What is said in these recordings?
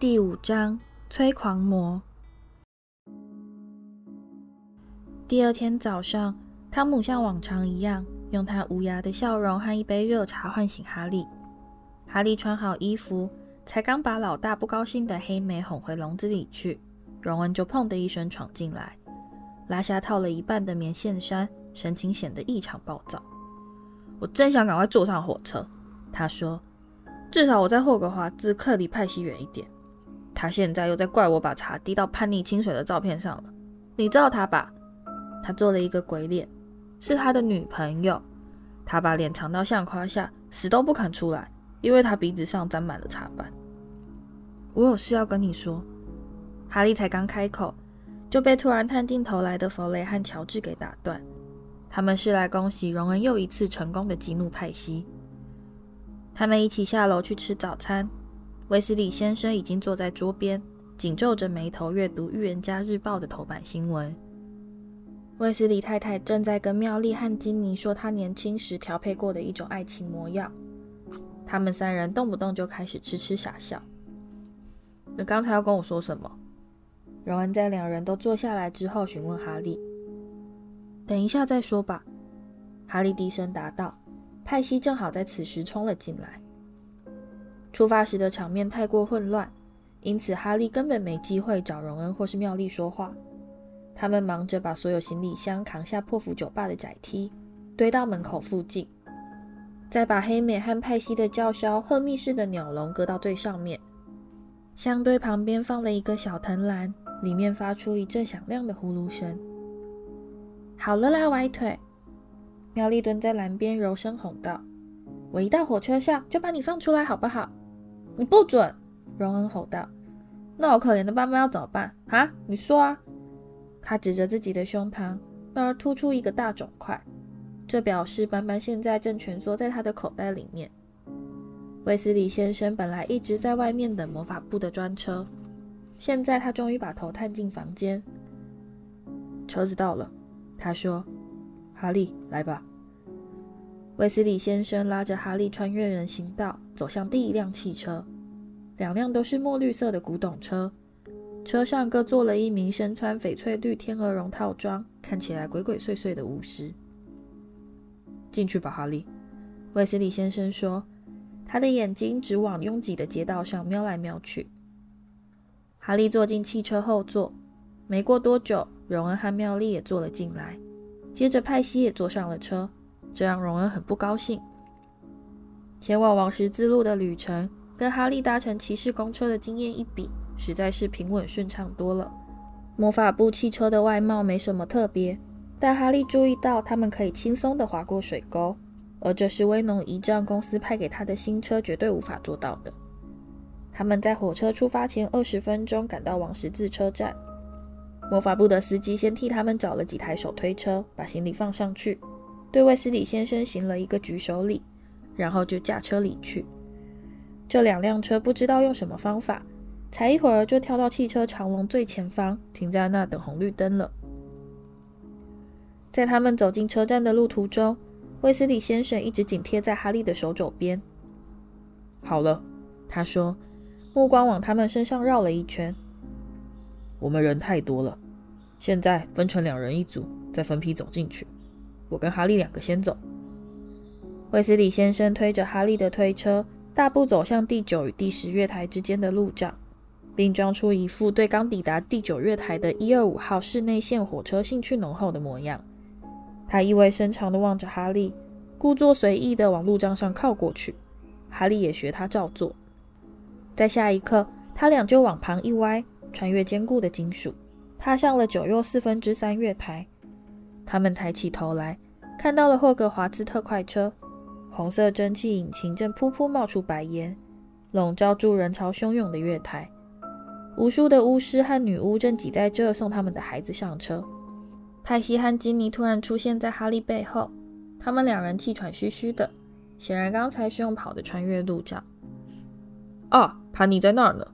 第五章催狂魔。第二天早上，湯姆像往常一樣用他無牙的笑容和一杯熱茶喚醒哈利。哈利穿好衣服，才剛把老大不高興的黑莓哄回籠子裡去，榮恩就砰的一聲闖進來，拉下套了一半的棉線衫，神情顯得異常暴躁。我真想趕快坐上火車，他說，至少我在霍格華茲離派西遠一點。他現在又在怪我把茶滴到潘妮清水的照片上了。你知道他吧。他做了一個鬼臉，是他的女朋友。他把臉藏到相框下，死都不肯出來，因為他鼻子上沾滿了茶漬。我有事要跟你說。哈利才剛開口，就被突然探進頭來的弗雷和喬治給打斷。他們是來恭喜榮恩又一次成功的激怒派西。他們一起下樓去吃早餐。威斯利先生已經坐在桌邊，緊皺着眉頭閱讀《預言家日報》的頭版新聞。威斯利太太正在跟妙麗和金妮說她年輕時調配過的一種愛情魔藥，他們三人動不動就開始痴痴傻笑。你剛才要跟我說什麼？榮恩在兩人都坐下來之後詢問哈利：“等一下再說吧。”哈利低聲答道。派西正好在此時衝了進來。出發時的場面太過混亂，因此哈利根本沒機會找榮恩或是妙麗說話。他們忙着把所有行李箱扛下破釜酒吧的窄梯，堆到門口附近，再把嘿美和派西的叫囂荷米斯的鳥籠擱到最上面。箱堆旁邊放了一個小藤籃，裡面發出一陣響亮的呼嚕聲。好了啦，歪腿！妙麗蹲在籃邊，柔聲哄道：“我一到火車上就把你放出來，好不好？”你不准！榮恩吼道。那我可憐的斑斑要怎麼辦啊？你說啊！他指着自己的胸膛，那兒突出一個大腫塊，這表示斑斑現在正蜷縮在他的口袋裡面。衛斯理先生本來一直在外面等魔法部的專車，現在他終於把頭探進房間。車子到了，他說：“哈利，來吧。”衛斯理先生拉着哈利穿越人行道，走向第一輛汽車。兩輛都是墨綠色的古董車，車上各坐了一名身穿翡翠綠天鵝絨套裝、看起來鬼鬼祟祟的巫師。進去吧，哈利，衛斯理先生說，他的眼睛直往擁擠的街道上瞄來瞄去。哈利坐進汽車後座，沒過多久，榮恩和妙麗也坐了進來，接着派西也坐上了車，這讓榮恩很不高興。前往王十字路的旅程。跟哈利搭乘騎士公車的經驗一比，實在是平穩順暢多了。魔法部汽車的外貌沒什麼特別，但哈利注意到他們可以輕鬆地劃過水溝，而這是威農姨丈公司派給他的新車絕對無法做到的。他們在火車出發前二十分鐘趕到王十字車站，魔法部的司機先替他們找了幾台手推車，把行李放上去，對衛斯理先生行了一個舉手禮，然後就駕車離去。這兩輛車不知道用什麼方法，才一會兒就跳到汽車長龍最前方，停在那等紅綠燈了。在他們走進車站的路途中，衛斯理先生一直緊貼在哈利的手肘邊。好了，他說，目光往他們身上繞了一圈。我們人太多了，現在分成兩人一組，再分批走進去。我跟哈利兩個先走。衛斯理先生推着哈利的推車。大步走向第九與第十月台之間的路障，並裝出一副對剛抵達第九月台的一二五號室內線火車興趣濃厚的模樣。他意味深長地望着哈利，故作隨意地往路障上靠過去。哈利也學他照做，在下一刻，他倆就往旁一歪，穿越堅固的金屬，踏上了九又四分之三月台。他們抬起頭來，看到了霍格華茲特快車。紅色蒸汽引擎正噗噗冒,冒出白煙，籠罩住人潮洶湧的月台。無數的巫師和女巫正擠在這兒送他們的孩子上車。派西和金妮突然出現在哈利背後，他們兩人氣喘籲籲的，顯然剛才是用跑的穿越路障。哦、啊，潘妮在那兒呢，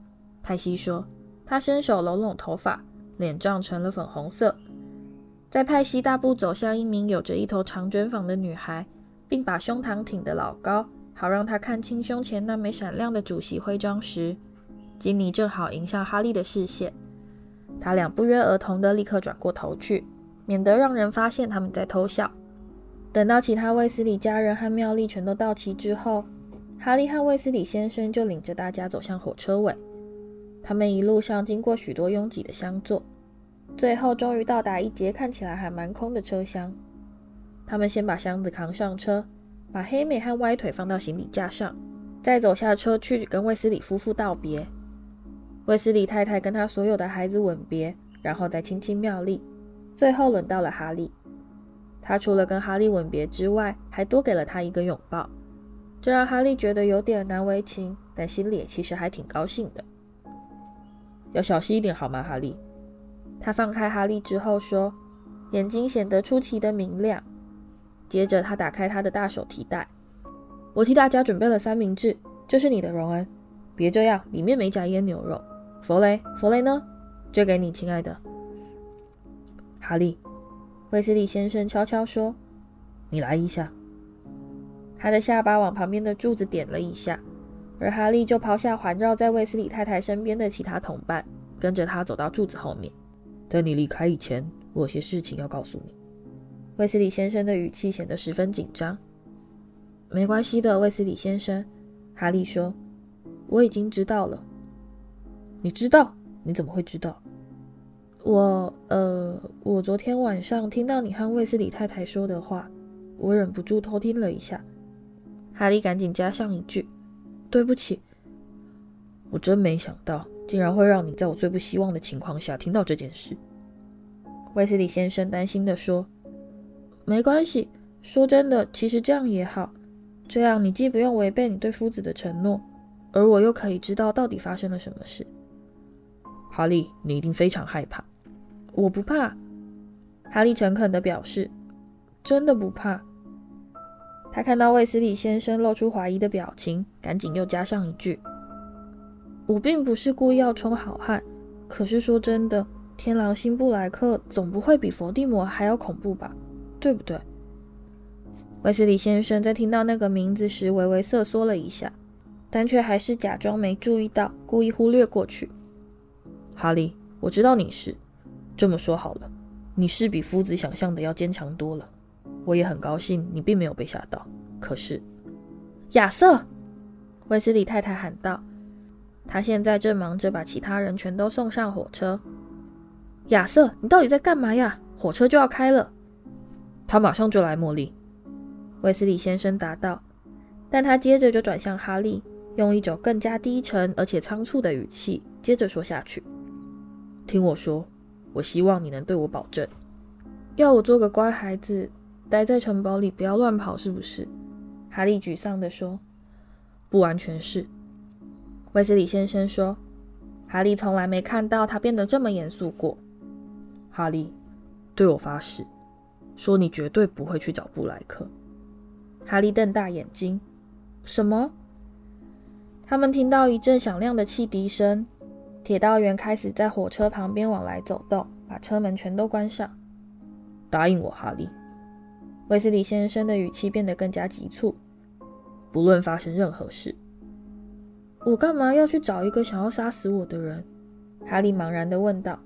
派西說。他伸手攏攏頭髮，臉脹成了粉紅色。在派西大步走向一名有着一頭長卷髮的女孩。並把胸膛挺得老高，好讓他看清胸前那枚閃亮的主席徽章時，金妮正好迎向哈利的視線。他倆不約而同地立刻轉過頭去，免得讓人發現他們在偷笑。等到其他衛斯理家人和妙麗全都到齊之後，哈利和衛斯理先生就領着大家走向火車尾。他們一路上經過許多擁擠的廂座，最後終於到達一節看起來還蠻空的車廂。他們先把箱子扛上車，把黑美和歪腿放到行李架上，再走下車去跟衛斯理夫婦道別。衛斯理太太跟他所有的孩子吻別，然後再親親妙麗。最後輪到了哈利，他除了跟哈利吻別之外，還多給了他一個擁抱，這讓哈利覺得有點難為情，但心裡其實還挺高興的。要小心一點好嗎，哈利？他放開哈利之後說，眼睛顯得出奇的明亮。接着，他打開他的大手提袋，我替大家準備了三明治，這，就是你的，榮恩。別這樣，裡面沒夾醃牛肉。弗雷，弗雷呢？這給你，親愛的。哈利，衛斯理先生悄悄說：“你來一下。”他的下巴往旁邊的柱子點了一下，而哈利就拋下環繞在衛斯理太太身邊的其他同伴，跟着他走到柱子後面。在你離開以前，我有些事情要告訴你。衛斯理先生的語氣顯得十分緊張。沒關係的，衛斯理先生，哈利說：“我已經知道了。”你知道？你怎麼會知道？我……呃，我昨天晚上聽到你和衛斯理太太說的話，我忍不住偷聽了一下。哈利趕緊加上一句：“對不起。”“我真沒想到，竟然會讓你在我最不希望的情況下聽到這件事。”衛斯理先生擔心地說。沒關係，說真的，其實這樣也好。這樣你既不用違背你對夫子的承諾，而我又可以知道到底發生了什麼事。哈利，你一定非常害怕。我不怕。哈利誠懇地表示，真的不怕。他看到衛斯理先生露出懷疑的表情，趕緊又加上一句：“我並不是故意要充好漢。可是說真的，天狼星布萊克總不會比佛地魔還要恐怖吧？”對不對？衛斯理先生在聽到那個名字時微微瑟縮了一下，但卻還是假裝沒注意到，故意忽略過去。哈利，我知道你是，這麼說好了，你是比夫子想象的要堅強多了，我也很高興你並沒有被嚇到。可是，亞瑟！衛斯理太太喊道，他現在正忙着把其他人全都送上火車。亞瑟，你到底在幹嘛呀？火車就要開了！他馬上就來，茉莉。威斯理先生答道，但他接着就轉向哈利，用一種更加低沉而且倉促的語氣接着說下去：“聽我說，我希望你能對我保證，要我做個乖孩子，待在城堡裡，不要亂跑，是不是？”哈利沮喪地說：“不完全是。”威斯理先生說：“哈利，從來沒看到他變得這麼嚴肅過。”哈利，對我發誓。說：“你絕對不會去找布萊克。”哈利瞪大眼睛：“什麼？”他們聽到一陣響亮的汽笛聲，鐵道員開始在火車旁邊往來走動，把車門全都關上。答應我，哈利。”威斯理先生的語氣變得更加急促。“不論發生任何事，我幹嘛要去找一個想要殺死我的人？”哈利茫然的問道。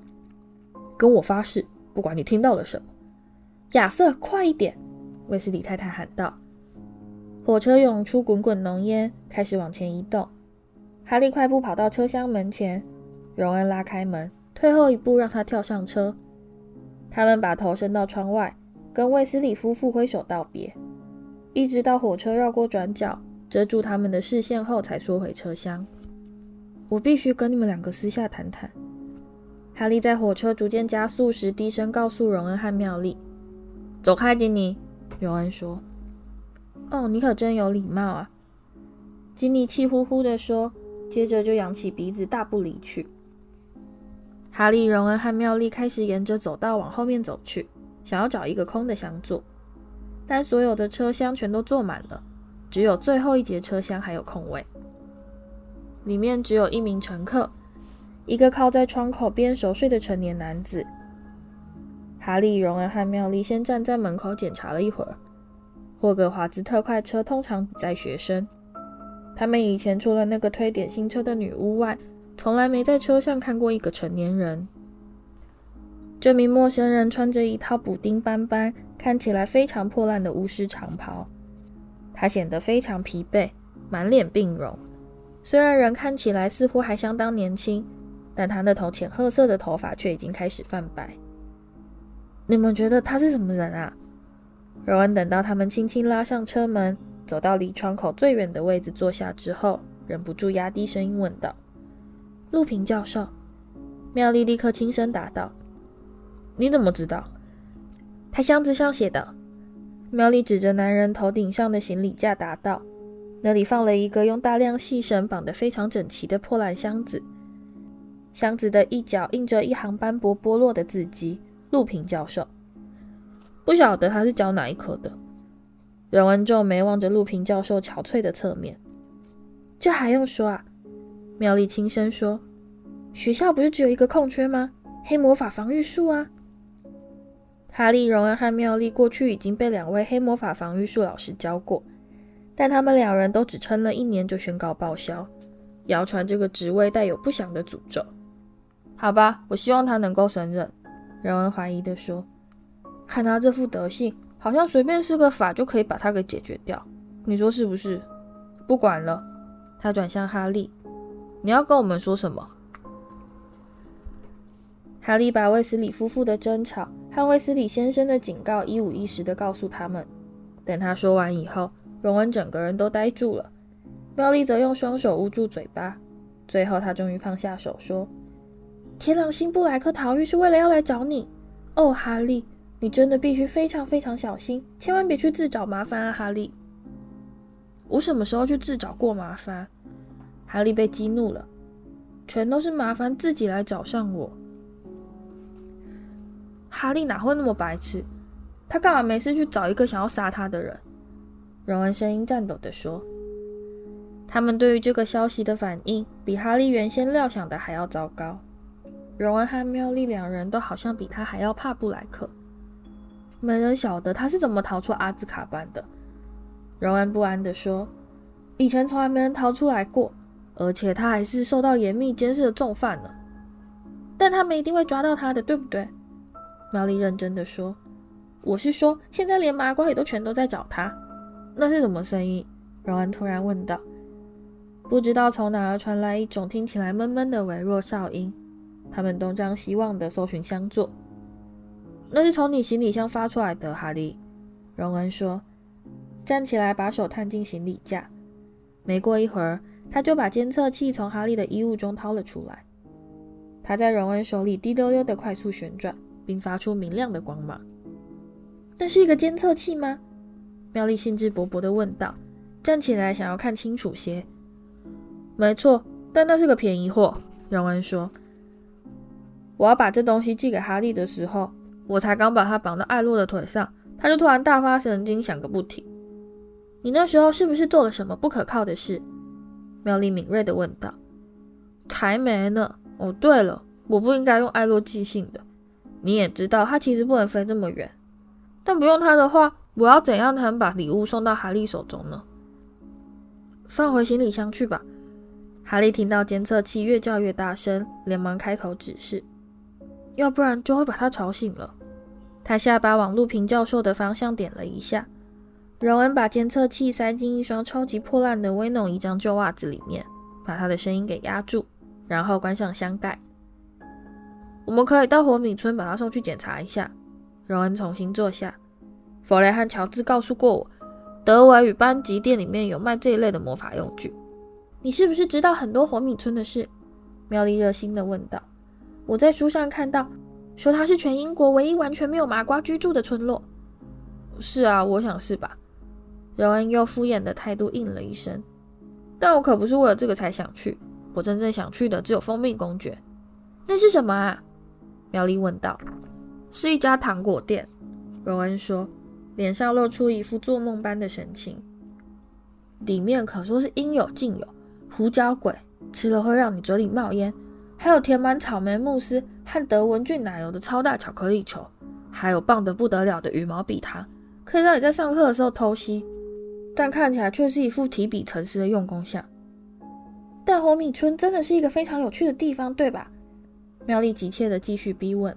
“跟我發誓，不管你聽到了什麼。”亞瑟，快一點！”威斯里太太喊道。火車湧出滾滾濃煙，開始往前移動。哈利快步跑到車廂門前，榮恩拉開門，退後一步，讓他跳上車。他們把頭伸到窗外，跟威斯里夫婦揮手道別，一直到火車繞過轉角，遮住他們的視線後，才縮回車廂。我必須跟你們兩個私下談談。”哈利在火車逐漸加速時，低聲告訴榮恩和妙麗。走開，金妮，榮恩說。“哦，你可真有禮貌啊！”金妮氣呼呼的說，接着就揚起鼻子，大步離去。哈利、榮恩和妙麗開始沿着走道往後面走去，想要找一個空的廂座，但所有的車廂全都坐滿了，只有最後一節車廂還有空位，裡面只有一名乘客，一個靠在窗口邊熟睡的成年男子。哈利、榮恩和妙麗先站在門口檢查了一會兒。霍格華茲特快車通常不載學生，他們以前除了那個推點心車的女巫外，從來沒在車上看過一個成年人。這名陌生人穿着一套補丁斑斑、看起來非常破爛的巫師長袍，他顯得非常疲憊，滿臉病容。雖然人看起來似乎還相當年輕，但他那頭淺褐色的頭髮卻已經開始泛白。你們覺得他是什麼人啊？榮恩等到他們輕輕拉上車門，走到離窗口最遠的位置坐下之後，忍不住壓低聲音問道：“路平教授。”妙麗立刻輕聲答道：“你怎麼知道？他箱子上寫的。”妙麗指着男人頭頂上的行李架答道：“那裡放了一個用大量細繩綁得非常整齊的破爛箱子，箱子的一角印着一行斑駁剝落的字跡。”陸平教授，不曉得他是教哪一科的。榮恩皺眉望着陸平教授憔悴的側面，這還用說啊？妙麗輕聲說：“學校不是只有一個空缺嗎？黑魔法防禦術啊！”哈利、榮恩和妙麗過去已經被兩位黑魔法防禦術老師教過，但他們兩人都只撐了一年就宣告報銷。謠傳這個職位帶有不祥的詛咒。好吧，我希望他能夠勝任。榮恩懷疑的說：“看他這副德性，好像隨便施個法就可以把他給解決掉，你說是不是？”不管了，他轉向哈利：“你要跟我們說什麼？”哈利把衛斯理夫婦的爭吵、和衛斯理先生的警告一五一十的告訴他們。等他說完以後，榮恩整個人都呆住了，妙麗則用雙手捂住嘴巴。最後，他終於放下手說。天狼星布萊克逃獄是為了要來找你，哦，哈利，你真的必須非常非常小心，千萬別去自找麻煩啊，哈利！我什麼時候去自找過麻煩？哈利被激怒了，全都是麻煩自己來找上我。哈利哪會那麼白痴？他幹嘛沒事去找一個想要殺他的人？榮恩聲音顫抖的說：“他們對於這個消息的反應，比哈利原先料想的還要糟糕。”榮恩和妙麗兩人都好像比他還要怕布萊克，沒人曉得他是怎麼逃出阿茲卡班的。榮恩不安地說：“以前從來沒人逃出來過，而且他還是受到嚴密監視的重犯呢。但他們一定會抓到他的，對不對？”妙麗認真地說：“我是說，現在連麻瓜也都全都在找他。那是什麼聲音？”榮恩突然問道。不知道從哪兒傳來一種聽起來悶悶的微弱哨音。他們東張西望的搜尋相座，那是從你行李箱發出來的，哈利。榮恩說：“站起來，把手探進行李架。”沒過一會兒，他就把監測器從哈利的衣物中掏了出來。他在榮恩手裡滴溜溜的快速旋轉，並發出明亮的光芒。那是一個監測器嗎？妙麗興致勃勃地問道：“站起來，想要看清楚些。”“沒錯，但那是個便宜貨。”榮恩說。我要把這東西寄給哈利的時候，我才剛把它綁到艾洛的腿上，他就突然大發神經，響個不停。你那時候是不是做了什麼不可靠的事？妙麗敏銳地問道。才沒呢！哦，對了，我不應該用艾洛寄信的。你也知道，它其實不能飛這麼遠。但不用它的話，我要怎樣才能把禮物送到哈利手中呢？放回行李箱去吧。哈利聽到監測器越叫越大聲，連忙開口指示。要不然就會把他吵醒了。他下巴往路平教授的方向點了一下。榮恩把監測器塞進一雙超級破爛的威農一張舊襪子裡面，把他的聲音給壓住，然後關上箱蓋。我們可以到火米村把他送去檢查一下。榮恩重新坐下。弗雷和喬治告訴過我，德維與班級店裡面有賣這一類的魔法用具。你是不是知道很多火米村的事？妙麗熱心的問道。我在書上看到，說它是全英國唯一完全沒有麻瓜居住的村落。是啊，我想是吧。榮恩用敷衍的態度應了一聲。但我可不是為了這個才想去，我真正想去的只有蜂蜜公爵。那是什麼啊？妙麗問道。是一家糖果店，榮恩說，臉上露出一副做夢般的神情。裡面可說是應有盡有，胡椒鬼吃了會讓你嘴裡冒煙。還有填滿草莓慕斯和德文郡奶油的超大巧克力球，還有棒得不得了的羽毛筆糖，可以讓你在上課的時候偷吸，但看起來卻是一副提筆沉思的用功相。但活米村真的是一個非常有趣的地方，對吧？妙麗急切地繼續逼問，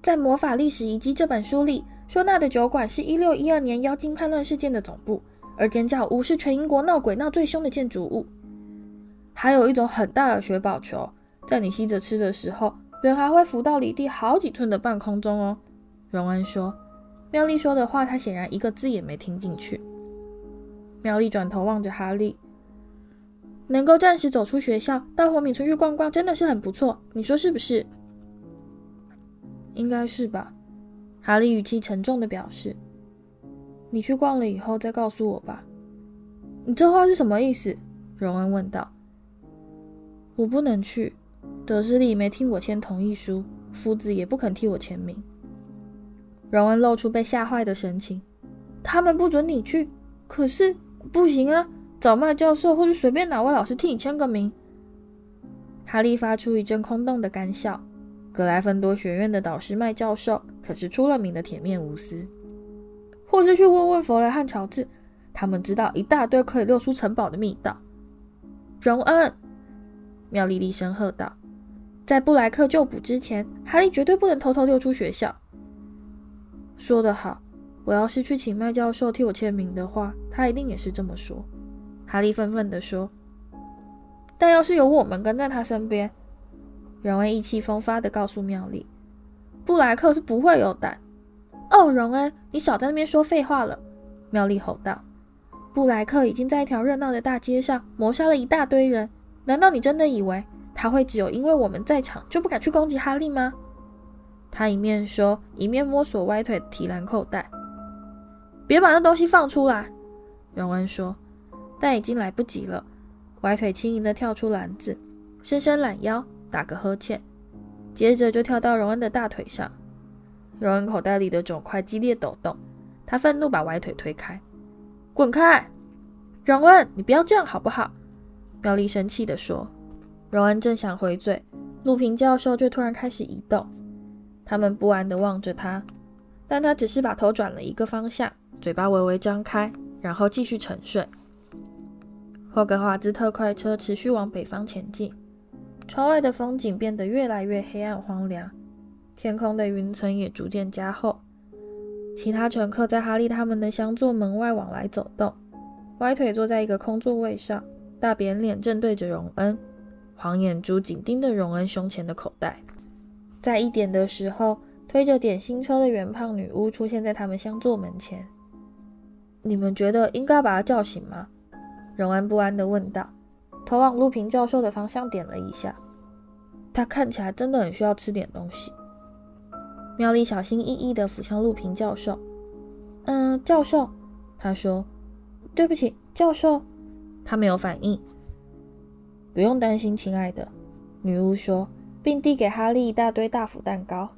在《魔法歷史遺跡》這本書裡，說那的酒館是一六一二年妖精叛亂事件的總部，而尖叫屋是全英國鬧鬼鬧最兇的建築物。還有一種很大的雪寶球。在你吸着吃的時候，人還會浮到離地好幾寸的半空中哦。”榮恩說。“妙麗說的話，他顯然一個字也沒聽進去。”妙麗轉頭望着哈利，“能夠暫時走出學校，到活米村去逛逛，真的是很不錯。你說是不是？”“應該是吧。”哈利語氣沉重地表示。“你去逛了以後再告訴我吧。”“你這話是什麼意思？”榮恩問道。“我不能去。”得知德思禮沒聽我簽同意書，夫子也不肯替我簽名。榮恩露出被嚇壞的神情。他們不准你去，可是不行啊！找麥教授或是隨便哪位老師替你簽個名。哈利發出一陣空洞的乾笑。格萊芬多學院的導師麥教授可是出了名的鐵面無私，或是去問問弗雷和喬治，他們知道一大堆可以溜出城堡的密道。榮恩。妙麗厲聲喝道：“在布萊克救捕之前，哈利絕對不能偷偷溜出學校。”說得好，我要是去請麥教授替我簽名的話，他一定也是這麼說。”哈利憤憤地說。“但要是有我們跟在他身邊，”榮恩意氣風發地告訴妙麗，“布萊克是不會有膽。”哦，榮恩，你少在那邊說廢話了！”妙麗吼道。“布萊克已經在一條熱鬧的大街上謀殺了一大堆人。”難道你真的以為他會只有因為我們在場就不敢去攻擊哈利嗎？他一面說，一面摸索歪腿的提籃扣帶。別把那東西放出來，榮恩說。但已經來不及了。歪腿輕盈的跳出籃子，伸伸懶腰，打個呵欠，接着就跳到榮恩的大腿上。榮恩口袋裡的腫塊激烈抖動，他憤怒把歪腿推開，滾開！榮恩，你不要這樣好不好？妙麗生氣地說：“榮恩正想回嘴，路平教授卻突然開始移動。他們不安地望着他，但他只是把頭轉了一個方向，嘴巴微微張開，然後繼續沉睡。”霍格華茲特快車持續往北方前進，窗外的風景變得越來越黑暗荒涼，天空的雲層也逐漸加厚。其他乘客在哈利他們的廂座門外往來走動，歪腿坐在一個空座位上。大扁臉正對着榮恩，黃眼珠緊盯着榮恩胸前的口袋。在一點的時候，推着點心車的圓胖女巫出現在他們廂座門前。你們覺得應該把她叫醒嗎？榮恩不安地問道，頭往路平教授的方向點了一下。他看起來真的很需要吃點東西。妙麗小心翼翼地俯向路平教授，“嗯，教授。”她說，“對不起，教授。”他沒有反應。不用擔心，親愛的。”女巫說，並遞給哈利一大堆大福蛋糕。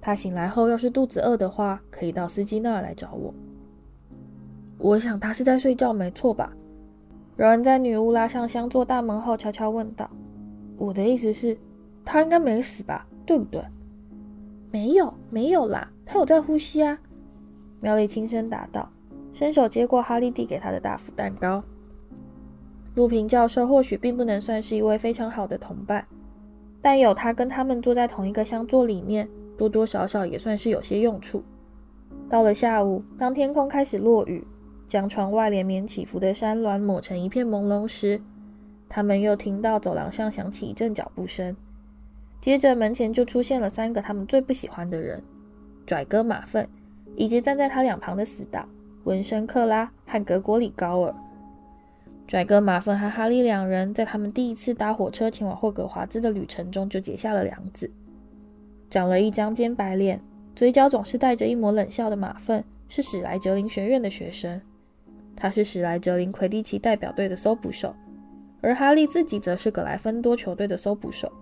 他醒來後要是肚子餓的話，可以到司機那兒來找我。我想他是在睡覺，沒錯吧？”有人在女巫拉上箱座大門後悄悄問道。“我的意思是，他應該沒死吧？對不對？”“沒有，沒有啦，他有在呼吸啊。”妙麗輕聲答道。伸手接過哈利遞給他的大釜蛋糕。路平教授或許並不能算是一位非常好的同伴，但有他跟他們坐在同一個箱座裡面，多多少少也算是有些用處。到了下午，當天空開始落雨，將窗外連綿起伏的山巒抹成一片朦朧時，他們又聽到走廊上響起一陣腳步聲，接着門前就出現了三個他們最不喜歡的人：拽哥、馬糞，以及站在他兩旁的死黨。文森克拉和格果里·高爾、跩哥馬份和哈利兩人，在他們第一次搭火車前往霍格華茲的旅程中就結下了梁子。長了一張尖白臉，嘴角總是帶着一抹冷笑的馬份，是史萊哲林學院的學生，他是史萊哲林魁地奇代表隊的搜捕手，而哈利自己則是葛萊芬多球隊的搜捕手。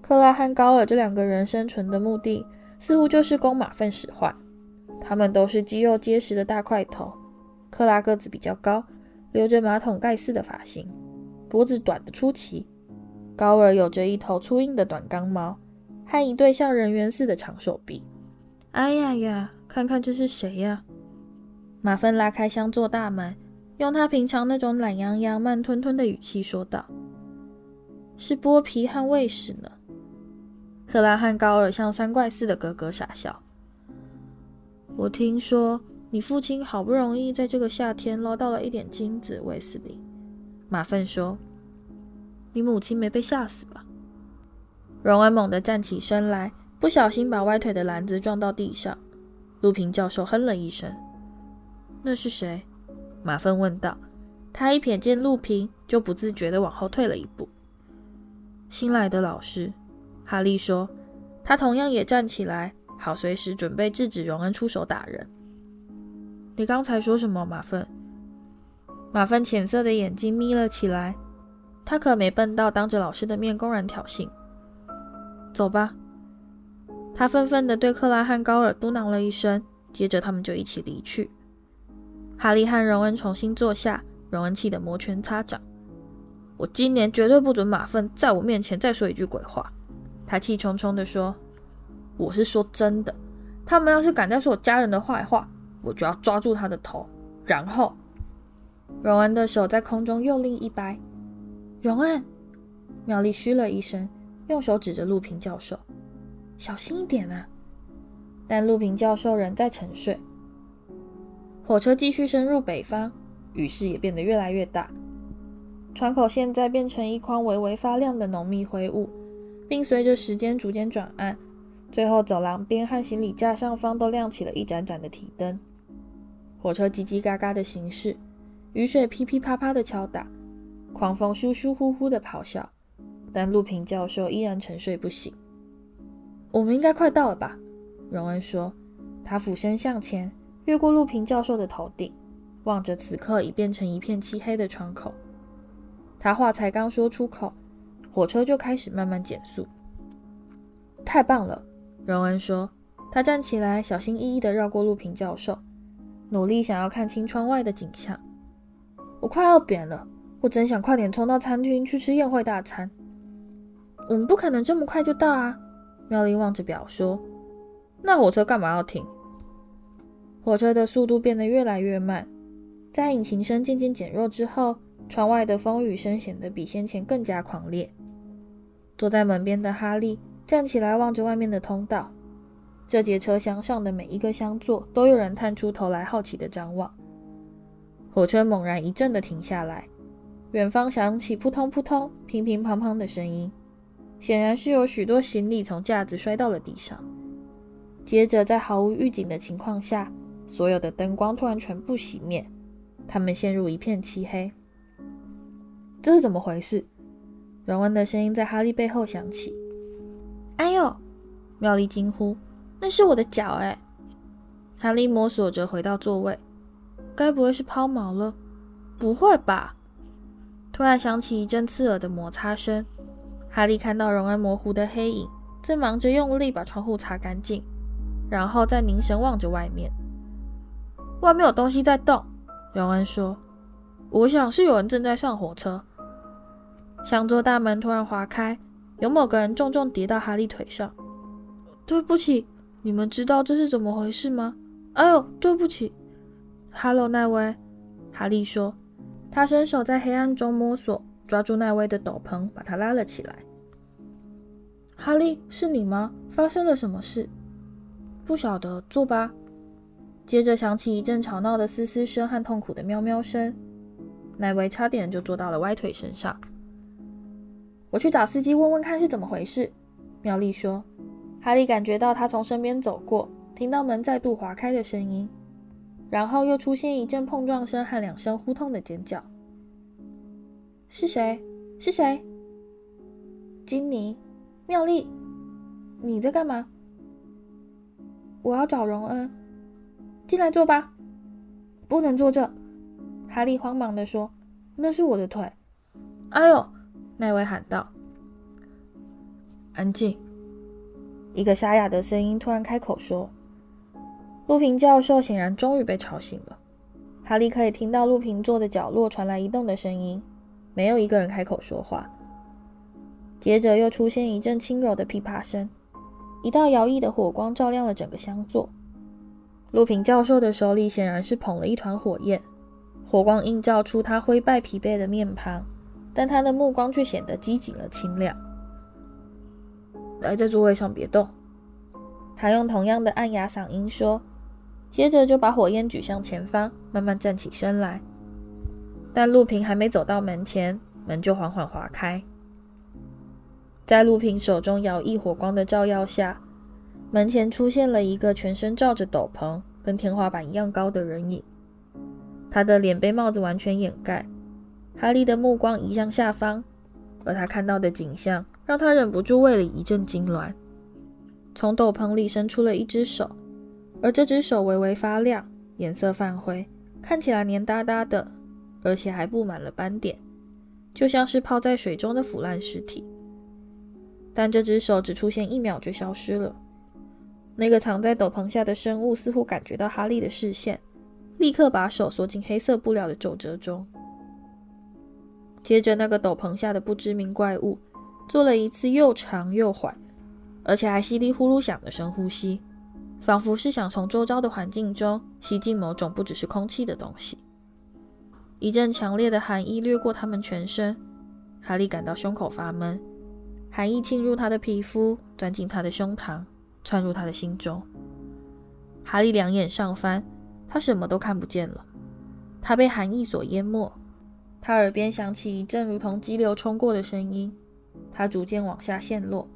克拉和高爾這兩個人生存的目的，似乎就是供馬份使喚。他們都是肌肉結實的大塊頭，克拉個子比較高，留着馬桶蓋似的髮型，脖子短得出奇；高爾有着一頭粗硬的短剛毛和一對像人猿似的長手臂。哎呀呀，看看這是誰呀？馬份拉開箱座大門，用他平常那種懶洋洋、慢吞吞的語氣說道：“是剝皮和衛士呢。”克拉和高爾像三怪似的咯咯傻笑。我聽說你父親好不容易在這個夏天撈到了一點金子，衛斯理。馬份說：“你母親沒被嚇死吧？”榮恩猛地站起身來，不小心把歪腿的籃子撞到地上。路平教授哼了一聲：“那是誰？”馬份問道。他一瞥見路平，就不自覺地往後退了一步。“新來的老師。”哈利說。他同樣也站起來。好，隨時準備制止榮恩出手打人。你剛才說什麼，馬份？馬份淺色的眼睛眯了起來。他可沒笨到當着老師的面公然挑釁。走吧。他憤憤地對克拉和高爾嘟囔了一聲，接着他們就一起離去。哈利和榮恩重新坐下，榮恩氣得摩拳擦掌。我今年絕對不准馬份在我面前再說一句鬼話。他氣冲沖地說。我是說真的，他們要是敢再說我家人的壞話，話，我就要抓住他的頭。然後，榮恩的手在空中用力一掰。榮恩，妙麗噓了一聲，用手指着陸平教授：“小心一點啊！”但陸平教授仍在沉睡。火車繼續深入北方，雨勢也變得越來越大。窗口現在變成一筐微微發亮的濃密灰霧，並隨着時間逐漸轉暗。最後，走廊邊和行李架上方都亮起了一盞盞的提燈。火車嘰嘰嘎嘎的行駛，雨水噼噼啪啪的敲打，狂風舒舒服服的咆哮，但路平教授依然沉睡不醒。我們應該快到了吧？榮恩說。他俯身向前，越過路平教授的頭頂，望着此刻已變成一片漆黑的窗口。他話才剛說出口，火車就開始慢慢減速。太棒了！榮恩說：“他站起來，小心翼翼地繞過路平教授，努力想要看清窗外的景象。我快餓扁了，我真想快點衝到餐廳去吃宴會大餐。我們不可能這麼快就到啊！”妙麗望着表說：“那火車幹嘛要停？”火車的速度變得越來越慢，在引擎聲漸漸減弱之後，窗外的風雨聲顯得比先前更加狂烈。坐在門邊的哈利，站起來，望着外面的通道。這節車廂上的每一個廂座都有人探出頭來，好奇的張望。火車猛然一陣的停下來，遠方響起撲通撲通、乒乒乓乓的聲音，顯然是有許多行李從架子摔到了地上。接着，在毫無預警的情況下，所有的燈光突然全部熄滅，他們陷入一片漆黑。這是怎麼回事？榮恩的聲音在哈利背後響起。哎呦，妙麗驚呼：“那是我的腳！”哎，哈利摸索着回到座位，該不會是拋錨了？不會吧！突然響起一陣刺耳的摩擦聲，哈利看到榮恩模糊的黑影，正忙着用力把窗戶擦乾淨，然後再凝神望着外面。外面有東西在動，榮恩說：“我想是有人正在上火車。”廂座大門突然滑開。有某個人重重跌到哈利腿上。「對不起，你們知道這是怎麼回事嗎？」哎呦，對不起。哈嘍奈威。哈利說，他伸手在黑暗中摸索，抓住奈威的斗篷，把他拉了起來。哈利，是你嗎？發生了什麼事？不曉得，坐吧。接着響起一陣吵鬧的嘶嘶聲和痛苦的喵喵聲，奈威差點就坐到了歪腿身上。我去找司機問問看是怎麼回事。妙麗說：“哈利感覺到他從身邊走過，聽到門再度滑開的聲音，然後又出現一陣碰撞聲和兩聲呼痛的尖叫。是誰？是誰？”“金妮，妙麗，你在幹嘛？”“我要找榮恩。”“進來坐吧，不能坐這。”哈利慌忙的說：“那是我的腿。”“哎呦！”奈威喊道：“安靜！”一個沙啞的聲音突然開口說：“路平教授顯然終於被吵醒了。”哈利可以聽到路平坐的角落傳來移動的聲音，沒有一個人開口說話。接着又出現一陣輕柔的噼啪聲，一道搖曳的火光照亮了整個廂座。路平教授的手裡顯然是捧了一團火焰，火光映照出他灰敗疲憊的面龐。但他的目光卻顯得機警而清亮。待、哎，在座位上別動。他用同樣的暗啞嗓音說，接着就把火焰舉向前方，慢慢站起身來。但陸平還沒走到門前，門就緩緩滑開。在陸平手中搖曳火光的照耀下，門前出現了一個全身罩着斗篷、跟天花板一樣高的人影，他的臉被帽子完全掩蓋。哈利的目光移向下方，而他看到的景象讓他忍不住胃裡一陣痙攣。從斗篷裡伸出了一隻手，而這隻手微微發亮，顏色泛灰，看起來黏噠噠的，而且還布滿了斑點，就像是泡在水中的腐爛屍體。但這隻手只出現一秒就消失了。那個藏在斗篷下的生物似乎感覺到哈利的視線，立刻把手縮進黑色布料的皺褶中。接着，那個斗篷下的不知名怪物做了一次又長又緩，而且還稀里呼嚕響的深呼吸，仿佛是想從周遭的環境中吸進某種不只是空氣的東西。一陣強烈的寒意掠過他們全身，哈利感到胸口發悶，寒意侵入他的皮膚，鑽進他的胸膛，竄入他的心中。哈利兩眼上翻，他什麼都看不見了，他被寒意所淹沒。他耳邊響起一陣如同激流衝過的聲音，他逐漸往下陷落，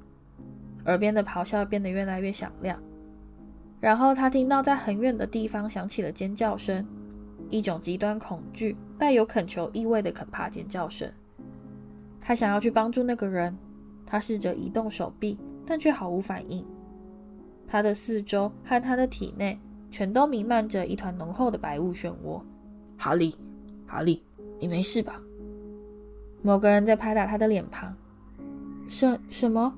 耳邊的咆哮變得越來越響亮。然後他聽到在很遠的地方響起了尖叫聲，一種極端恐懼、帶有懇求意味的可怕尖叫聲。他想要去幫助那個人，他試着移動手臂，但卻毫無反應。他的四周和他的體內全都彌漫着一團濃厚的白霧漩渦。哈利，哈利！你沒事吧？某個人在拍打他的臉龐。什什麼？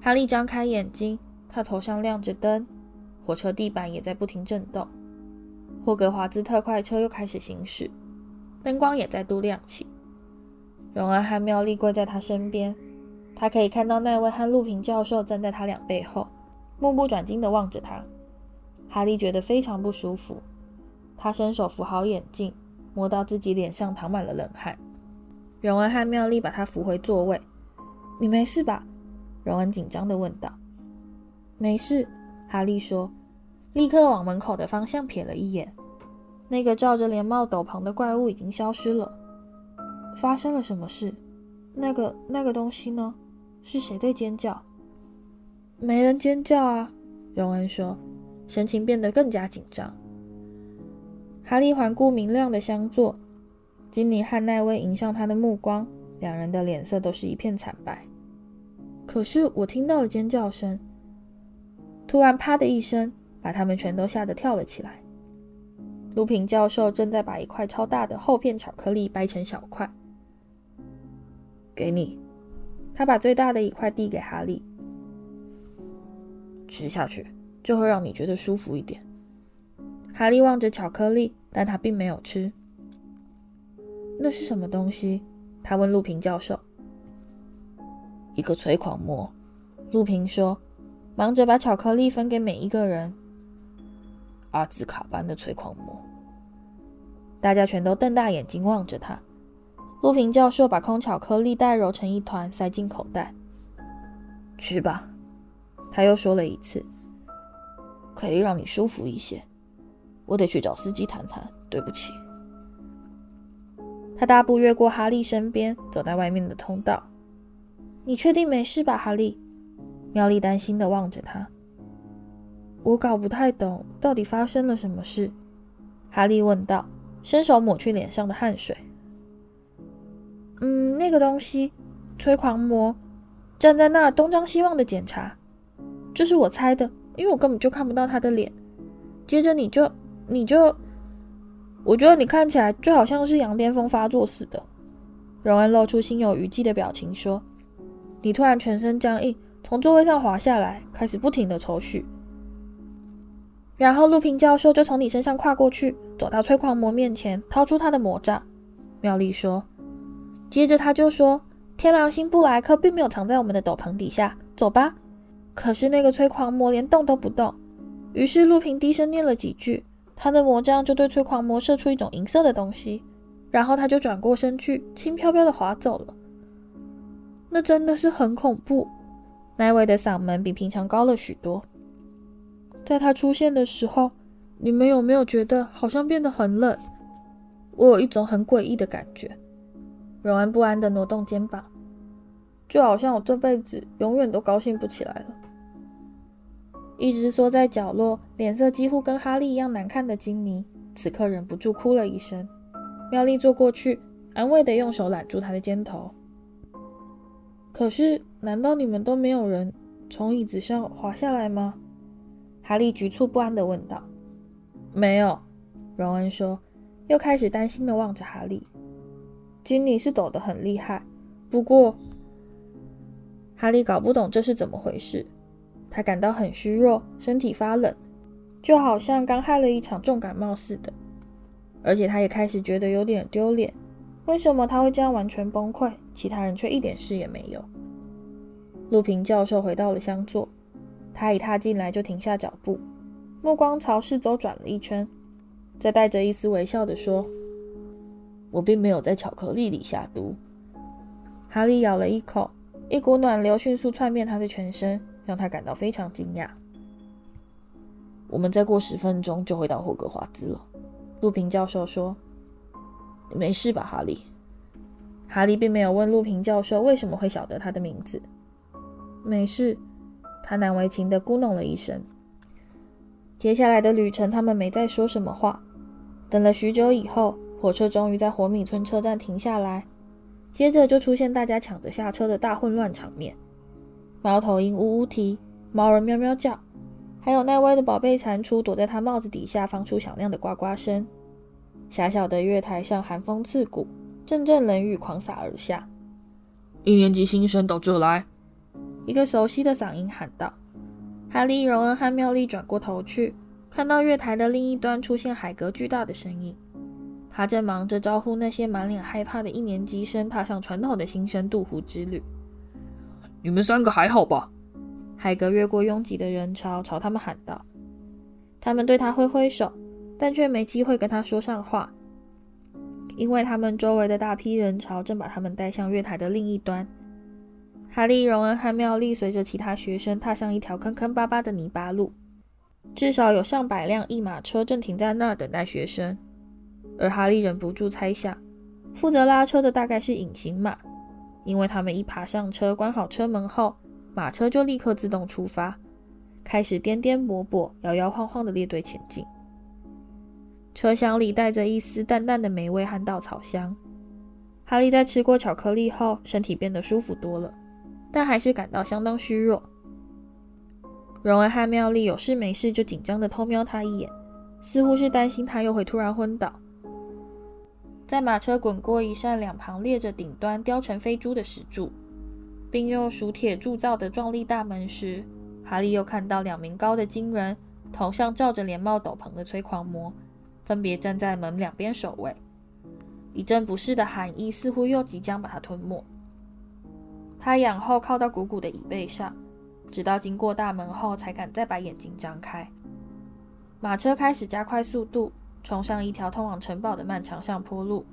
哈利張開眼睛，他頭上亮着燈，火車地板也在不停震動。霍格華茲特快車又開始行駛，燈光也再度亮起。榮恩和妙麗跪在他身邊，他可以看到奈威和露平教授站在他倆背後，目不轉睛的望着他。哈利覺得非常不舒服，他伸手扶好眼鏡。摸到自己臉上淌滿了冷汗，榮恩和妙麗把他扶回座位。“你沒事吧？”榮恩緊張地問道。“沒事。”哈利說，立刻往門口的方向瞥了一眼，那個罩着連帽斗篷的怪物已經消失了。“發生了什麼事？那個那個東西呢？是誰在尖叫？”“沒人尖叫啊。”榮恩說，神情變得更加緊張。哈利環顧明亮的香座，金妮和奈威迎上他的目光，兩人的臉色都是一片慘白。可是我聽到了尖叫聲，突然啪的一聲，把他們全都嚇得跳了起來。盧平教授正在把一塊超大的厚片巧克力掰成小塊，給你。他把最大的一塊遞給哈利，吃下去就會讓你覺得舒服一點。哈利望着巧克力，但他並沒有吃。那是什麼東西？他問路平教授。一個催狂魔，路平說，忙着把巧克力分給每一個人。阿茲卡班的催狂魔，大家全都瞪大眼睛望着他。路平教授把空巧克力袋揉成一團，塞進口袋。去吧，他又說了一次，可以讓你舒服一些。我得去找司機談談，對不起。他大步越過哈利身邊，走在外面的通道。你確定沒事吧，哈利？妙麗擔心地望着他。我搞不太懂到底發生了什麼事，哈利問道，伸手抹去臉上的汗水。嗯，那個東西，催狂魔，站在那兒東張西望的檢查。這、就是我猜的，因為我根本就看不到他的臉。接着你就。你就，我覺得你看起來就好像是羊癲瘋發作似的。榮恩露出心有餘悸的表情說：“你突然全身僵硬，從座位上滑下來，開始不停地抽搐。然後陸平教授就從你身上跨過去，走到催狂魔面前，掏出他的魔杖。”妙麗說：“接着他就說，天狼星布萊克並沒有藏在我們的斗篷底下，走吧。”可是那個催狂魔連動都不動。於是陸平低聲念了幾句。他的魔杖就對催狂魔射出一種銀色的東西，然後他就轉過身去，輕飄飄的滑走了。那真的是很恐怖。奈威的嗓門比平常高了許多。在他出現的時候，你們有沒有覺得好像變得很冷？我有一種很詭異的感覺。榮恩不安的挪動肩膀，就好像我這輩子永遠都高興不起來了。一直縮在角落，臉色幾乎跟哈利一樣難看的金妮，此刻忍不住哭了一聲。妙麗坐過去，安慰地用手攬住她的肩頭。可是，難道你們都沒有人從椅子上滑下來嗎？哈利局促不安地問道。沒有，榮恩說，又開始擔心地望着哈利。金妮是抖得很厲害，不過，哈利搞不懂這是怎麼回事。他感到很虛弱，身體發冷，就好像剛害了一場重感冒似的。而且他也開始覺得有點丟臉，為什麼他會這樣完全崩潰，其他人卻一點事也沒有？路平教授回到了廂座，他一踏進來就停下腳步，目光朝四周轉了一圈，再帶着一絲微笑地說：“我並沒有在巧克力裡下毒。”哈利咬了一口，一股暖流迅速竄遍他的全身。讓他感到非常驚訝。我們再過十分鐘就會到霍格華茲了，路平教授說。“你沒事吧，哈利？”哈利並沒有問路平教授為什麼會曉得他的名字。沒事，他難為情地咕噥了一聲。接下來的旅程，他們沒再說什麼話。等了許久以後，火車終於在活米村車站停下來，接着就出現大家搶着下車的大混亂場面。貓頭鷹嗚嗚啼，貓兒喵喵叫，還有奈威的寶貝蟾蜍躲在它帽子底下，放出響亮的呱呱聲。狹小，小的月台像寒風刺骨，陣陣冷雨狂灑而下。一年級新生到這來，一個熟悉的嗓音喊道：“哈利、榮恩和妙麗轉過頭去，看到月台的另一端出現海格巨大的身影，他正忙着招呼那些滿臉害怕的一年級生，踏上傳統的新生渡湖之旅。”你們三個還好吧？海格越過擁擠的人潮，朝他們喊道。他們對他揮揮手，但卻沒機會跟他說上話，因為他們周圍的大批人潮正把他們帶向月台的另一端。哈利、榮恩和妙麗隨着其他學生踏上一條坑坑巴巴的泥巴路。至少有上百輛驛馬車正停在那兒等待學生，而哈利忍不住猜想，負責拉車的大概是隱形馬。因為他們一爬上車，關好車門後，馬車就立刻自動出發，開始顛顛簸簸，搖搖晃晃地列隊前進。車廂裡帶着一絲淡淡的霉味和稻草香。哈利在吃過巧克力後，身體變得舒服多了，但還是感到相當虛弱。榮恩和妙麗有事沒事就緊張地偷瞄他一眼，似乎是擔心他又會突然昏倒。在馬車滾過一扇兩旁列着頂端雕成飛豬的石柱，並用熟鐵鑄造的壯麗大門時，哈利又看到兩名高得驚人，頭上罩着連帽斗篷的催狂魔，分別站在門兩邊守衛。一陣不適的寒意似乎又即將把他吞沒。他仰後靠到鼓鼓的椅背上，直到經過大門後才敢再把眼睛張開。馬車開始加快速度。衝上一條通往城堡的漫長上坡路，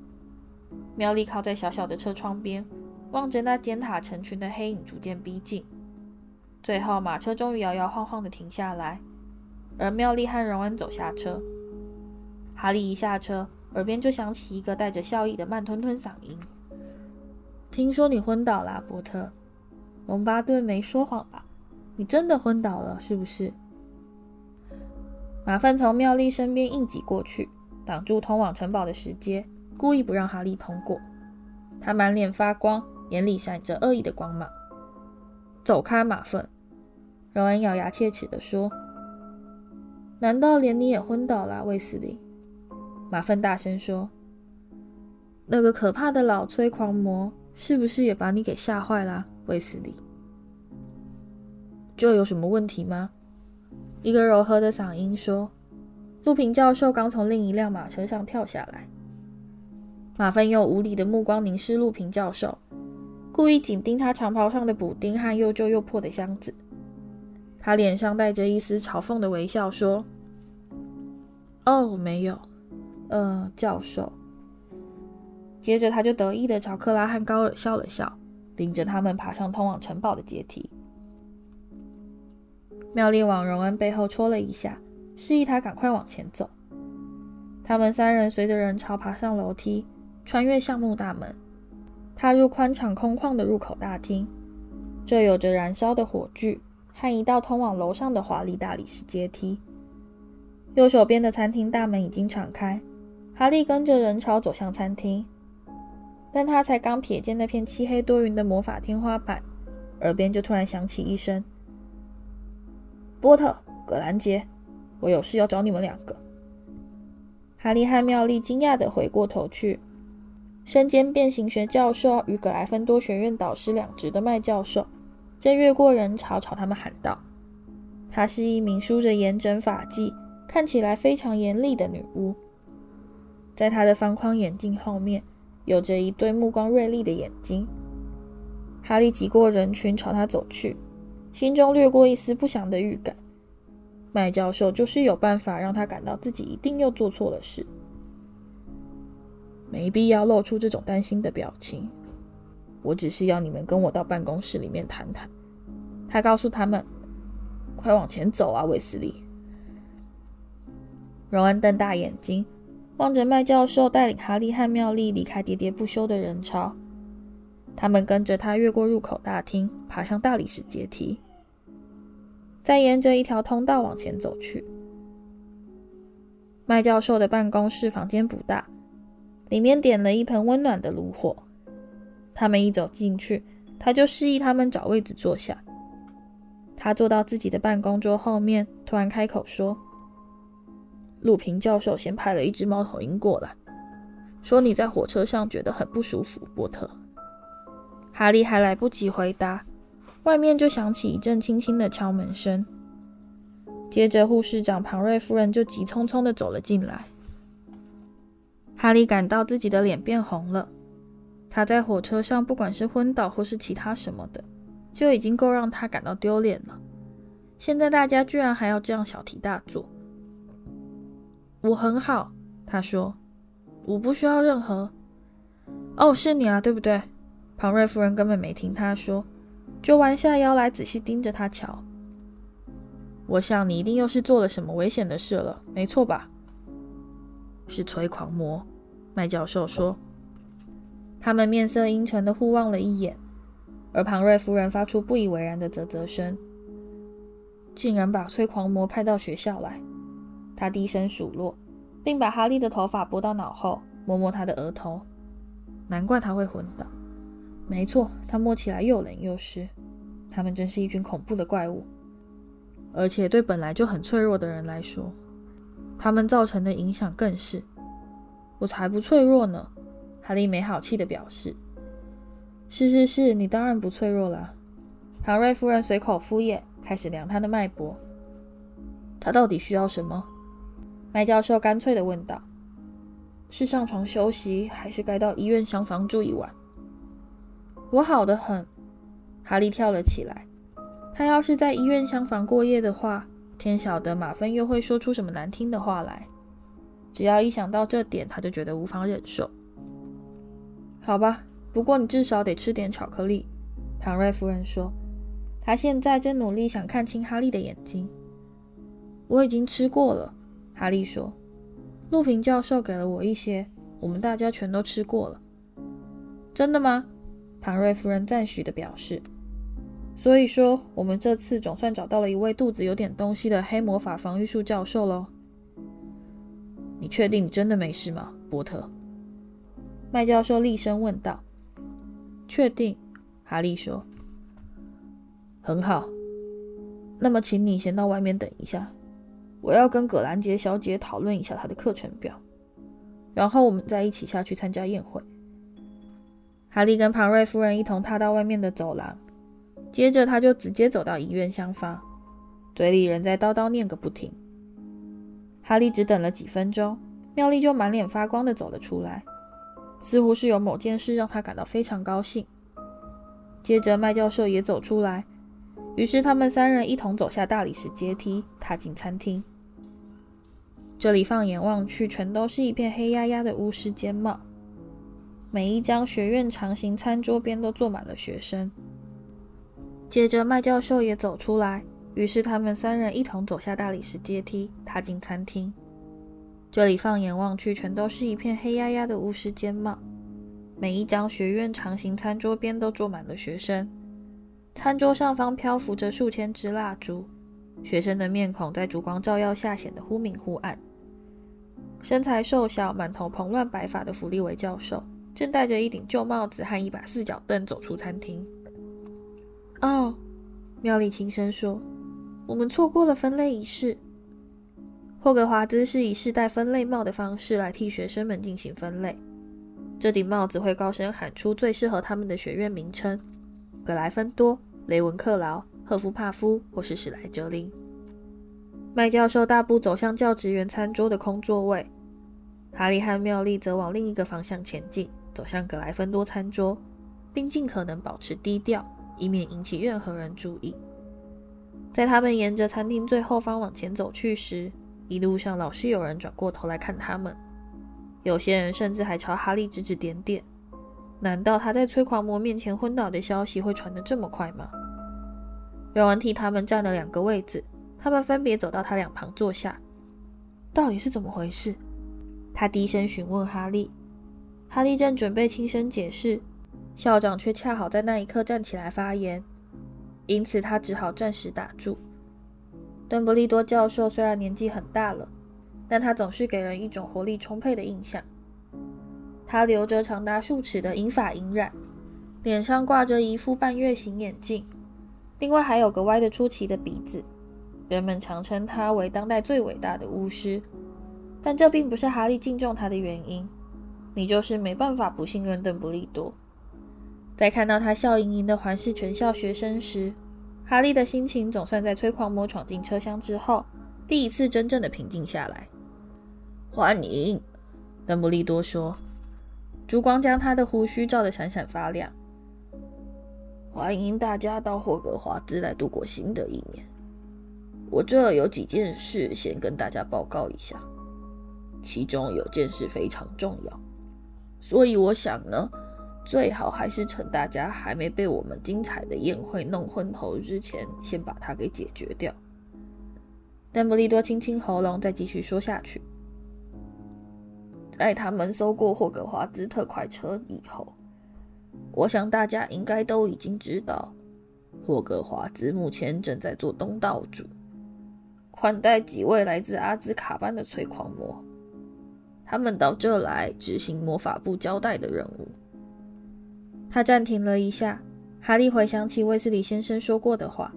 妙麗靠在小小的車窗邊，望着那尖塔成群的黑影逐漸逼近。最後，馬車終於搖搖晃晃地停下來，而妙麗和榮恩走下車。哈利一下車，耳邊就響起一個帶着笑意的慢吞吞嗓音：“聽說你昏倒了啊，波特。隆巴頓沒說謊吧？你真的昏倒了，是不是？”馬糞從妙麗身邊硬擠過去，擋住通往城堡的石階，故意不讓哈利通過。他滿臉發光，眼裡閃着惡意的光芒。走開馬，馬糞！榮恩咬牙切齒地說：“難道連你也昏倒啦，啊，衛斯理？”馬糞大聲說：“那個可怕的老催狂魔是不是也把你給嚇壞啦，衛斯理？”這有什麼問題嗎？一個柔和的嗓音說：“路平教授剛從另一輛馬車上跳下來。”馬份用無理的目光凝視路平教授，故意緊盯他長袍上的補丁和又舊又破的箱子。他臉上帶着一絲嘲諷的微笑說：“哦，沒有，呃，教授。”接着他就得意地朝克拉和高爾笑了笑，領着他們爬上通往城堡的階梯。妙麗往榮恩背後戳了一下，示意他趕快往前走。他們三人隨着人潮爬上樓梯，穿越橡木大門，踏入寬敞空曠的入口大廳。這有着燃燒的火炬和一道通往樓上的華麗大理石階梯。右手邊的餐廳大門已經敞開，哈利跟着人潮走向餐廳，但他才剛瞥見那片漆黑多雲的魔法天花板，耳邊就突然響起一聲。波特、葛蘭傑，我有事要找你們兩個。哈利和妙麗驚訝的回過頭去，身兼變形學教授與葛萊芬多學院導師兩職的麥教授正越過人潮朝他們喊道：“她是一名梳着嚴整髮髻、看起來非常嚴厲的女巫，在她的方框眼鏡後面有着一對目光銳利的眼睛。”哈利擠過人群朝她走去。心中掠過一絲不祥的預感，麥教授就是有辦法讓他感到自己一定又做錯了事，沒必要露出這種擔心的表情。我只是要你們跟我到辦公室裡面談談。他告訴他們：“快往前走啊，衛斯理。”榮恩瞪大眼睛，望着麥教授帶領哈利和妙麗離開喋喋不休的人潮。他們跟着他越過入口大廳，爬上大理石階梯。再沿着一條通道往前走去，麥教授的辦公室房間不大，裡面點了一盆溫暖的爐火。他們一走進去，他就示意他們找位置坐下。他坐到自己的辦公桌後面，突然開口說：“路平教授先派了一隻貓頭鷹過來，說你在火車上覺得很不舒服，波特。”哈利還來不及回答。外面就響起一陣輕輕的敲門聲，接着護士長龐瑞夫人就急匆匆地走了進來。哈利感到自己的臉變紅了。他在火車上，不管是昏倒或是其他什麼的，就已經夠讓他感到丟臉了，現在大家居然還要這樣小題大做。我很好，他說，我不需要任何。哦，是你啊，對不對？龐瑞夫人根本沒聽他說，就彎下腰來仔細盯着他瞧。我想你一定又是做了什麼危險的事了，沒錯吧？是催狂魔，麥教授說。他們面色陰沉地互望了一眼，而龐瑞夫人發出不以為然的嘖嘖聲。竟然把催狂魔派到學校來，她低聲數落，並把哈利的頭髮撥到腦後，摸摸他的額頭。難怪他會昏倒。沒錯，他摸起來又冷又濕。他們真是一群恐怖的怪物，而且對本來就很脆弱的人來說，他們造成的影響更是。我才不脆弱呢！哈利沒好氣地表示。是是是，你當然不脆弱啦。龐芮夫人隨口敷衍，開始量他的脈搏。他到底需要什麼？麥教授乾脆地問道。是上床休息，還是該到醫院廂房住一晚？我好得很。哈利跳了起來。他要是在醫院廂房過夜的話，天曉得馬芬又會說出什麼難聽的話來。只要一想到這點，他就覺得無法忍受。好吧，不過你至少得吃點巧克力。龐瑞夫人說，她現在正努力想看清哈利的眼睛。我已經吃過了，哈利說。路平教授給了我一些，我們大家全都吃過了。真的嗎？龐瑞夫人讚許地表示：“所以說，我們這次總算找到了一位肚子有點東西的黑魔法防禦術教授嘍。”“你確定你真的沒事嗎，波特？”麥教授厲聲問道。“確定。”哈利說。“很好，那麼請你先到外面等一下，我要跟葛蘭傑小姐討論一下她的課程表，然後我們再一起下去參加宴會。”哈利跟龐瑞夫人一同踏到外面的走廊，接着他就直接走到醫院廂房，嘴裡仍在叨叨念個不停。哈利只等了幾分鐘，妙麗就滿臉發光地走了出來，似乎是有某件事讓他感到非常高興。接着麥教授也走出來，於是他們三人一同走下大理石階梯，踏進餐廳。這裡放眼望去，全都是一片黑壓壓的巫師尖帽。每一張學院長型餐桌邊都坐滿了學生。接着麥教授也走出來，於是他們三人一同走下大理石階梯，踏進餐廳。這裡放眼望去，全都是一片黑壓壓的巫師尖帽。每一張學院長型餐桌邊都坐滿了學生，餐桌上方漂浮着數千支蠟燭，學生的面孔在燭光照耀下顯得忽明忽暗。身材瘦小、滿頭蓬亂白髮的弗利維教授。正戴着一頂舊帽子和一把四腳凳走出餐廳。哦，妙麗輕聲說：“我們錯過了分類儀式。霍格華茲是以試戴分類帽的方式來替學生們進行分類。這頂帽子會高聲喊出最適合他們的學院名稱：格萊芬多、雷文克勞、赫夫帕夫，或是史萊哲林。”麥教授大步走向教職員餐桌的空座位，哈利和妙麗則往另一個方向前進。走向格萊芬多餐桌，並盡可能保持低調，以免引起任何人注意。在他們沿着餐廳最後方往前走去時，一路上老是有人轉過頭來看他們，有些人甚至還朝哈利指指點點。難道他在催狂魔面前昏倒的消息會傳得這麼快嗎？榮恩替他們占了兩個位置，他們分別走到他兩旁坐下。到底是怎麼回事？他低聲詢問哈利。哈利正準備輕聲解釋，校長卻恰好在那一刻站起來發言，因此他只好暫時打住。鄧布利多教授雖然年紀很大了，但他總是給人一種活力充沛的印象。他留着長達數尺的銀髮銀髯，臉上掛着一副半月形眼鏡，另外還有個歪得出奇的鼻子。人們常稱他為當代最偉大的巫師，但這並不是哈利敬重他的原因。你就是沒辦法不信任鄧布利多。在看到他笑盈盈的環視全校學生時，哈利的心情總算在催狂魔闖進車廂之後，第一次真正的平靜下來。歡迎，鄧布利多說，燭光將他的胡鬚照得閃閃發亮。歡迎大家到霍格華茲來度過新的一年。我這有幾件事先跟大家報告一下，其中有件事非常重要。所以我想呢，最好還是趁大家還沒被我們精彩的宴會弄昏頭之前，先把它給解決掉。鄧布利多清清喉嚨，再繼續說下去。在他們搜過霍格華茲特快車以後，我想大家應該都已經知道，霍格華茲目前正在做東道主，款待幾位來自阿茲卡班的催狂魔。他們到這來執行魔法部交代的任務。他暫停了一下，哈利回想起衛斯理先生說過的話。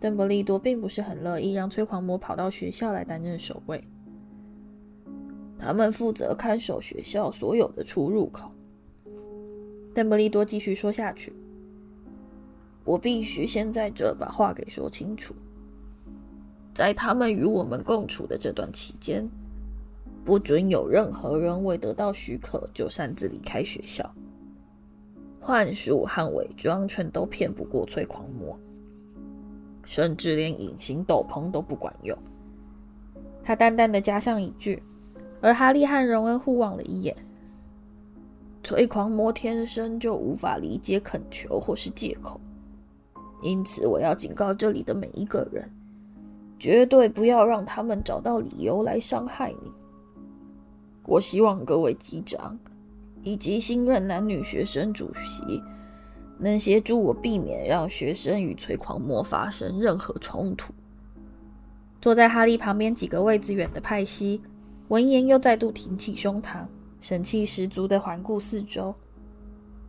鄧布利多並不是很樂意讓催狂魔跑到學校來擔任守衛。他們負責看守學校所有的出入口。鄧布利多繼續說下去：“我必須先在這把話給說清楚。在他們與我們共處的這段期間。”不准有任何人未得到許可就擅自離開學校。幻術和偽裝全都騙不過催狂魔，甚至連隱形斗篷都不管用。他淡淡地加上一句，而哈利和榮恩互望了一眼。催狂魔天生就無法理解懇求或是借口，因此我要警告這裡的每一個人，絕對不要讓他們找到理由來傷害你。我希望各位級長，以及新任男女學生主席，能協助我避免讓學生與催狂魔發生任何衝突。坐在哈利旁邊幾個位子遠的派西，聞言又再度挺起胸膛，神氣十足地環顧四周。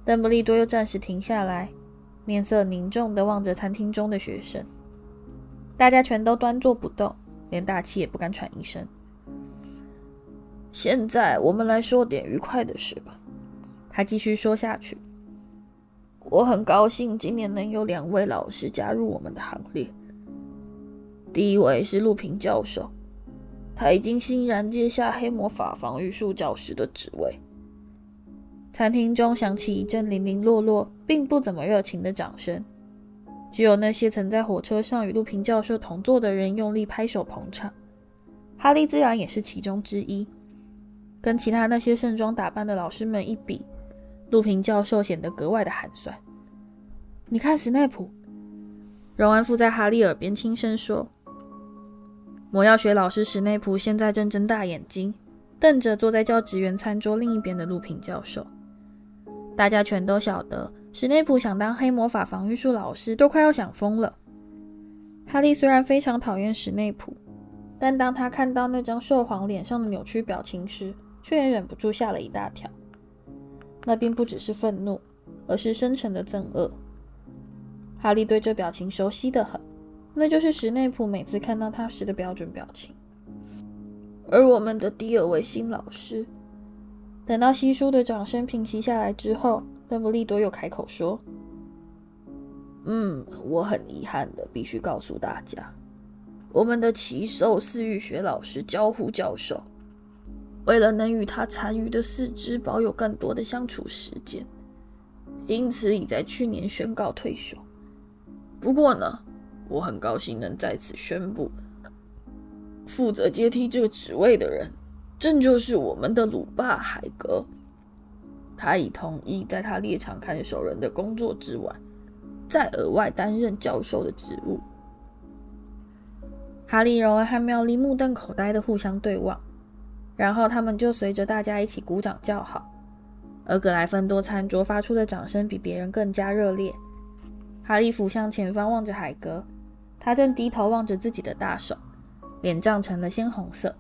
鄧布利多又暫時停下來，面色凝重地望着餐廳中的學生，大家全都端坐不動，連大氣也不敢喘一聲。現在我們來說點愉快的事吧。他繼續說下去：“我很高興今年能有兩位老師加入我們的行列。第一位是陸平教授，他已經欣然接下黑魔法防禦術教師的職位。”餐廳中響起一陣零零落落，並不怎麼熱情的掌聲，只有那些曾在火車上與陸平教授同坐的人用力拍手捧場。哈利自然也是其中之一。跟其他那些盛裝打扮的老師們一比，路平教授顯得格外的寒酸。你看史內普，榮恩附在哈利耳邊輕聲說：“魔藥學老師史內普現在正睜大眼睛，瞪着坐在教職員餐桌另一邊的路平教授。”大家全都曉得，史內普想當黑魔法防禦術老師都快要想瘋了。哈利雖然非常討厭史內普，但當他看到那張瘦黃臉上的扭曲表情時，卻也忍不住嚇了一大跳。那並不只是憤怒，而是深沉的憎惡。哈利對這表情熟悉得很，那就是史內普每次看到他時的標準表情。而我們的第二位新老師，等到稀疏的掌聲平息下來之後，鄧布利多又開口說：“嗯，我很遺憾的，必須告訴大家，我們的奇獸飼育學老師交互教，教授。”為了能與他殘餘的四肢保有更多的相處時間，因此已在去年宣告退休。不過呢，我很高興能在此宣布，負責接替這個職位的人，正就是我們的魯霸海格。他已同意在他獵場看守人的工作之外，再額外擔任教授的職務。哈利、榮恩和妙麗目瞪口呆的互相對望。然後他們就隨着大家一起鼓掌叫好，而格萊芬多餐桌發出的掌聲比別人更加熱烈。哈利俯向前方望着海格，他正低頭望着自己的大手，臉漲成了鮮紅色，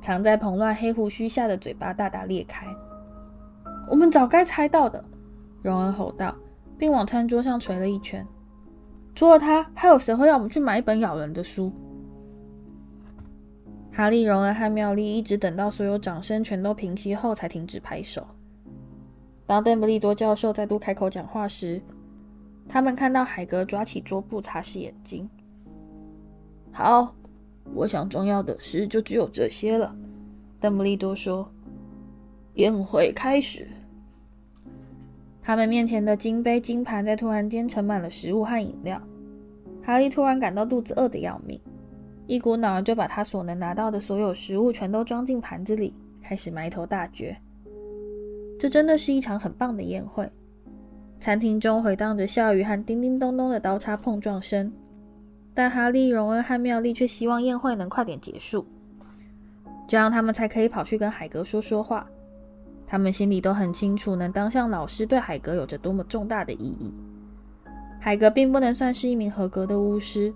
藏在蓬亂黑鬍鬚下的嘴巴大大裂開。“我們早該猜到的！”榮恩吼道，並往餐桌上捶了一拳。“除了他，還有誰會讓我們去買一本咬人的書？”哈利、榮恩和妙麗一直等到所有掌聲全都平息後，才停止拍手。當鄧布利多教授再度開口講話時，他們看到海格抓起桌布擦拭眼睛。好，我想重要的事就只有這些了，鄧布利多說。宴會開始，他們面前的金杯、金盤在突然間盛滿了食物和飲料。哈利突然感到肚子餓得要命。一股腦兒就把他所能拿到的所有食物全都裝進盤子裡，開始埋頭大嚼。這真的是一場很棒的宴會。餐廳中回盪着笑語和叮叮咚咚的刀叉碰撞聲，但哈利、榮恩和妙麗卻希望宴會能快點結束，這樣他們才可以跑去跟海格說說話。他們心裡都很清楚，能當上老師對海格有着多麼重大的意義。海格並不能算是一名合格的巫師。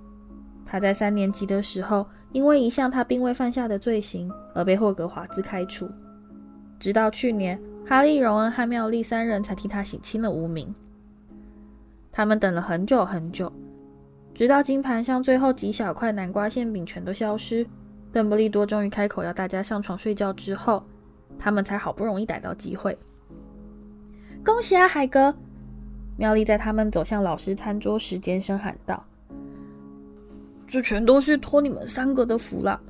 他在三年級的時候，因為一項他並未犯下的罪行而被霍格華茲開除。直到去年，哈利、榮恩和妙麗三人才替他洗清了污名。他們等了很久很久，直到金盤上最後幾小塊南瓜餡餅全都消失，鄧布利多終於開口要大家上床睡覺之後，他們才好不容易逮到機會。恭喜啊，海格！妙麗在他們走向老師餐桌時尖聲喊道。這全都是托你們三個的福了。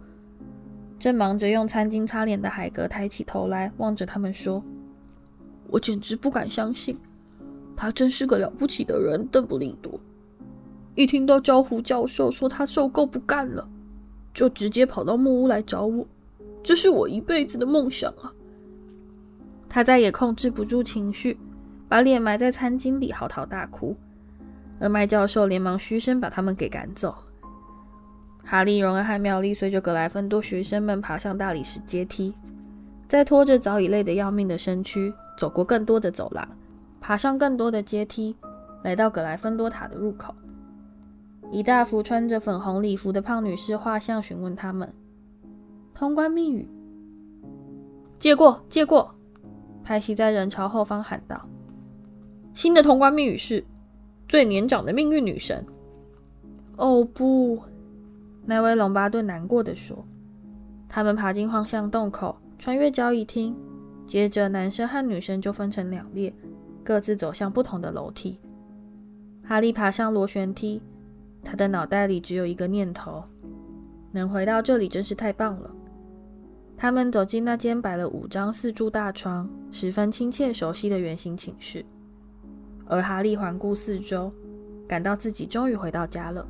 正忙着用餐巾擦臉的海格抬起頭來，望着他們說：“我簡直不敢相信，他真是個了不起的人，鄧布利多。一聽到招呼教授說他受夠不幹了，就直接跑到木屋來找我，這是我一輩子的夢想啊！”他再也控制不住情緒，把臉埋在餐巾裡嚎啕大哭，而麥教授連忙噓聲把他們給趕走。哈利、榮恩和妙麗隨着葛萊芬多學生們爬上大理石階梯，再拖着早已累得要命的身軀，走過更多的走廊，爬上更多的階梯，來到葛萊芬多塔的入口。一大幅穿着粉紅禮服的胖女士畫像詢問他們：“通關密語？”“借過，借過！”派西在人潮後方喊道。“新的通關密語是：最年長的命運女神。哦”“哦不！”奈威·龍巴頓難過地說：“他們爬進荒象洞口，穿越交誼廳，接着男生和女生就分成兩列，各自走向不同的樓梯。哈利爬上螺旋梯，他的腦袋裡只有一個念頭：能回到這裡真是太棒了。他們走進那間擺了五張四柱大床、十分親切熟悉的圓形寢室，而哈利環顧四周，感到自己終於回到家了。”